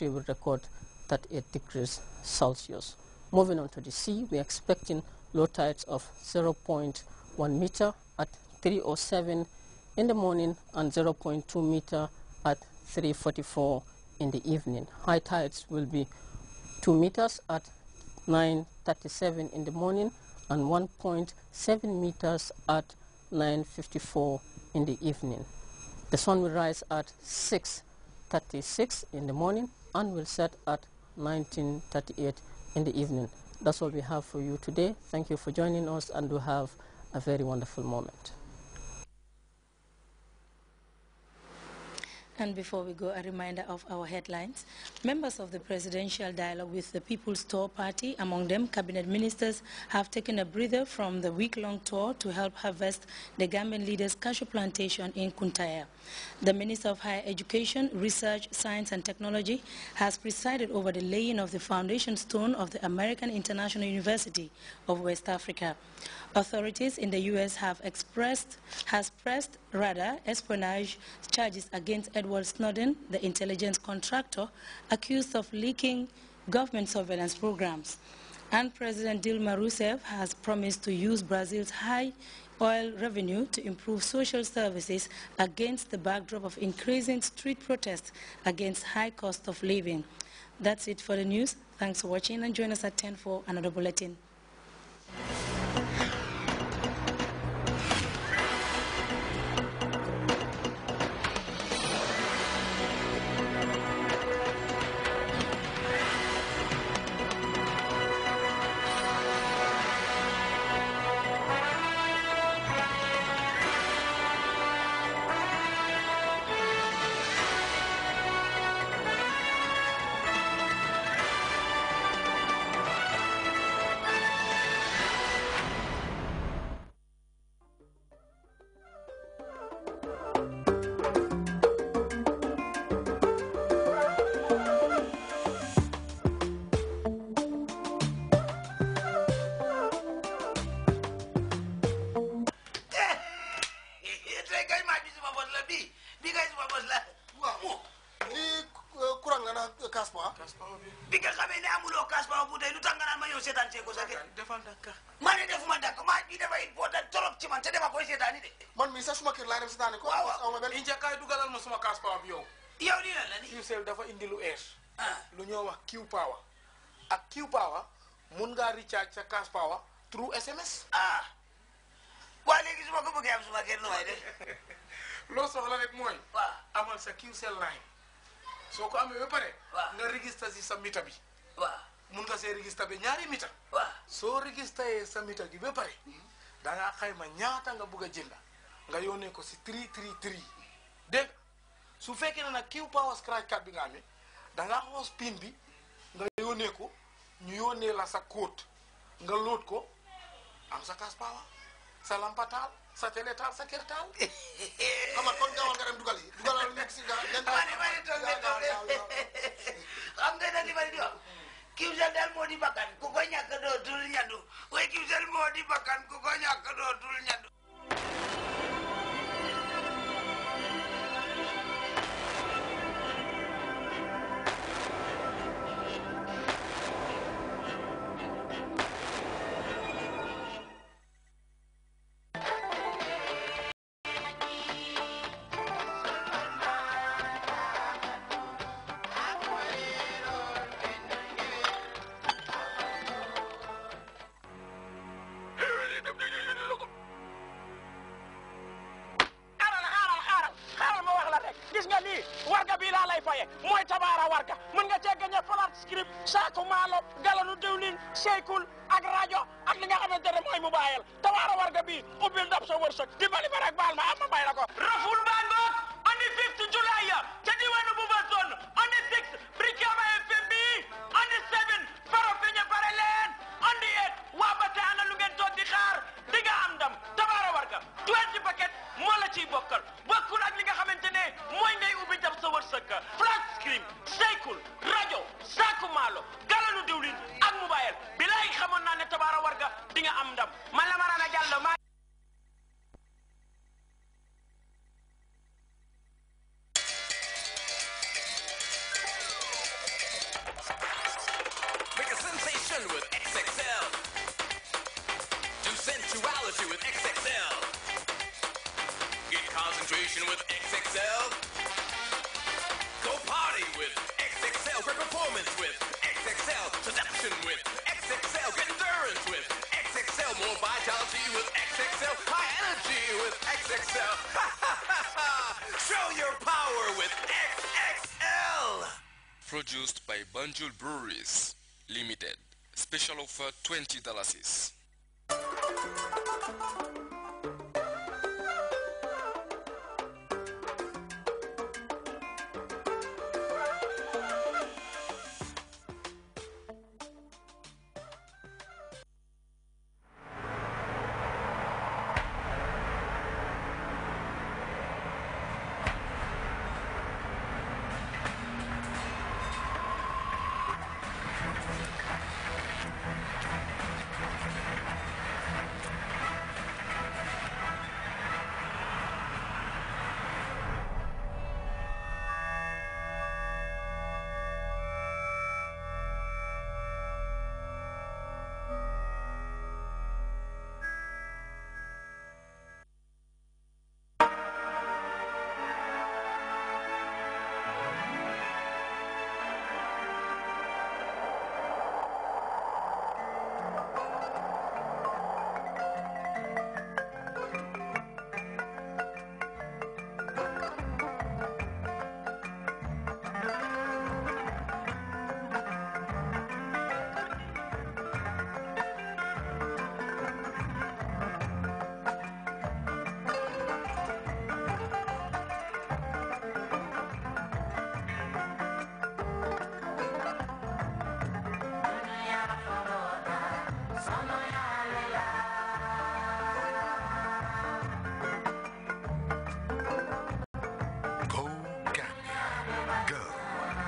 We will record 38 degrees Celsius. Moving on to the sea, we are expecting low tides of 0.1 meter at 3.07 in the morning and 0.2 meter at 3.44 in the evening. High tides will be 2 meters at 9.37 in the morning and 1.7 meters at 9.54 in the evening. The sun will rise at 6.36 in the morning and will set at 1938 in the evening. That's all we have for you today. Thank you for joining us and we have a very wonderful moment. And before we go, a reminder of our headlines. Members of the presidential dialogue with the People's Tour Party, among them cabinet ministers, have taken a breather from the week-long tour to help harvest the Gambian leader's cashew plantation in Kuntaya. The Minister of Higher Education, Research, Science and Technology has presided over the laying of the foundation stone of the American International University of West Africa. Authorities in the U.S. have expressed, has pressed Rather, espionage charges against Edward Snowden, the intelligence contractor, accused of leaking government surveillance programs. And President Dilma Rousseff has promised to use Brazil's high oil revenue to improve social services against the backdrop of increasing street protests against high cost of living. That's it for the news. Thanks for watching and join us at 10 for another bulletin. que casse pas bi nga xamee ne amuloo casse pas bu tey lu tax nga naan ma yow seetaan see ko sa kër defal dakka ma ne defuma dakka maa bi dafay boota torop ci man te dama koy seetaani de man mii sax suma kër laa dem seetaani ko waaw waaw ma benn injakaay dugalal ma suma casse pas yow yow iya, ni la ni Qcell dafa indi lu es, ah. lu ñoo wax Q power ak Q power mun ngaa recharge sa casse power through SMS ah waa léegi su ma ko bëggee am suma kër nu may def loo soxla rek mooy amal sa Qcell line so ko amee ba pare nga register ci sa mita bi mun nga sé register be ñaari mita so register yee sa mita gi ba paré mhm. da nga xayma ñaata nga bugg jënda nga yónnee ko si 333 tri dégg su fekkee na nag kiw power scratch card bi nga amé da nga xoos pin bi nga yónnee ko ñu yónnee la sa code nga lóot ko am sa kas power sa lampatal sa teletal sa kertal taal kon nga wal nga dem dugal seykul ak rajo ak li nga xamante ne mooy mu bàyyal tawaara warga bii ubbil ndab sa wërsëg dimbali ma rek baal ma am ma with XXL. Do sensuality with XXL. Get concentration with XXL. Go party with XXL. Great performance with XXL. Seduction with XXL. Get endurance with XXL. More vitality with XXL. High energy with XXL. Show your power with XXL produced by Banjul Breweries Limited special offer uh, $20.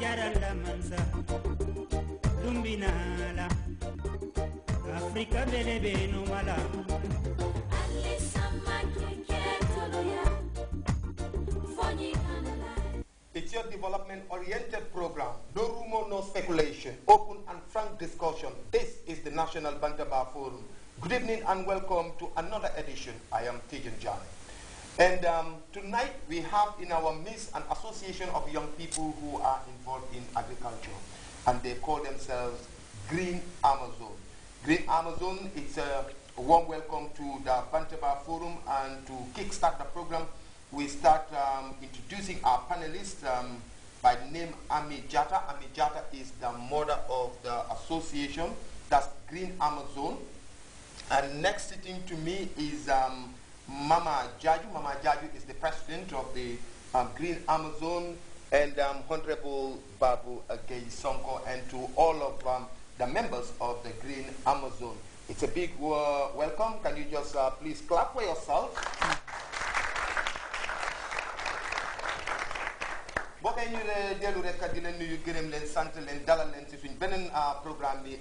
jaralla mansa dumbinaala afrika belebeenu mala It's your development-oriented program. No rumor, no speculation. Open and frank discussion. This is the National Bantaba Forum. Good evening and welcome to another edition. I am Tijan Jani. And um, tonight we have in our midst an association of young people who are involved in agriculture. And they call themselves Green Amazon. Green Amazon, it's a warm welcome to the Bantaba Forum and to kickstart the program, we start um, introducing our panelists um, by name Amijata. Amijata is the mother of the association, that's Green Amazon. And next sitting to me is um, Mama Jaju. Mama Jaju is the president of the um, Green Amazon and um, Honorable Babu Sonko, and to all of um, the members of the Green Amazon. It's a big uh, welcome. Can you just uh, please clap for yourself? ñu rek di leen nuyu gërëm leen sant leen dalal leen ci suñ beneen uh, programme bi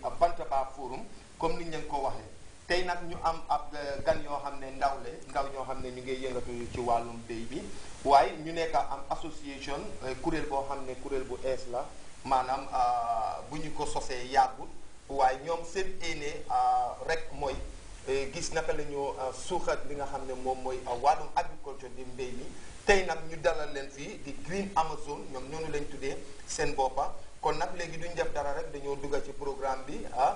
Forum comme ñu ko waxee tey nag ñu am ab euh, gan yoo xam ne ndaw le ndaw ñoo xam ne ñu ngi yëngatu ci wàllum béy bi waaye ñu nekk am association euh, kuréel boo xam ne kuréel bu ees la maanaam euh, bu ñu ko sosee yàggut waaye ñoom seen éene rek mooy gis naka lañu suuxat bi nga xam ne moom mooy wàllum agriculture di mbay mi tey nag ñu dalal leen fii di Green Amazon ñoom ñoonu lañ tuddee seen boppa kon nag léegi duñ def dara rek dañoo dugg ci programme bi ah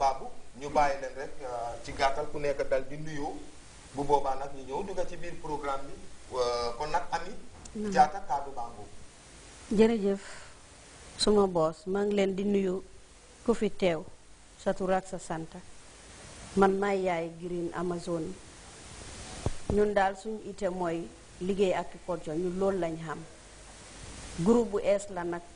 Babou ñu bàyyi leen rek euh, ci gàttal ku nekk dal di nuyoo bu boobaa nag ñu ñëw dugg ci biir programme bi euh, kon nag Ami Jaata mm. kaddu bango jërëjëf suma boos maa ngi leen di nuyu ku fi teew sa tur sa sant man may yaay Green Amazon ñun daal suñu ite mooy liggéey ak culture ñun loolu lañ xam groupe bu ees la nag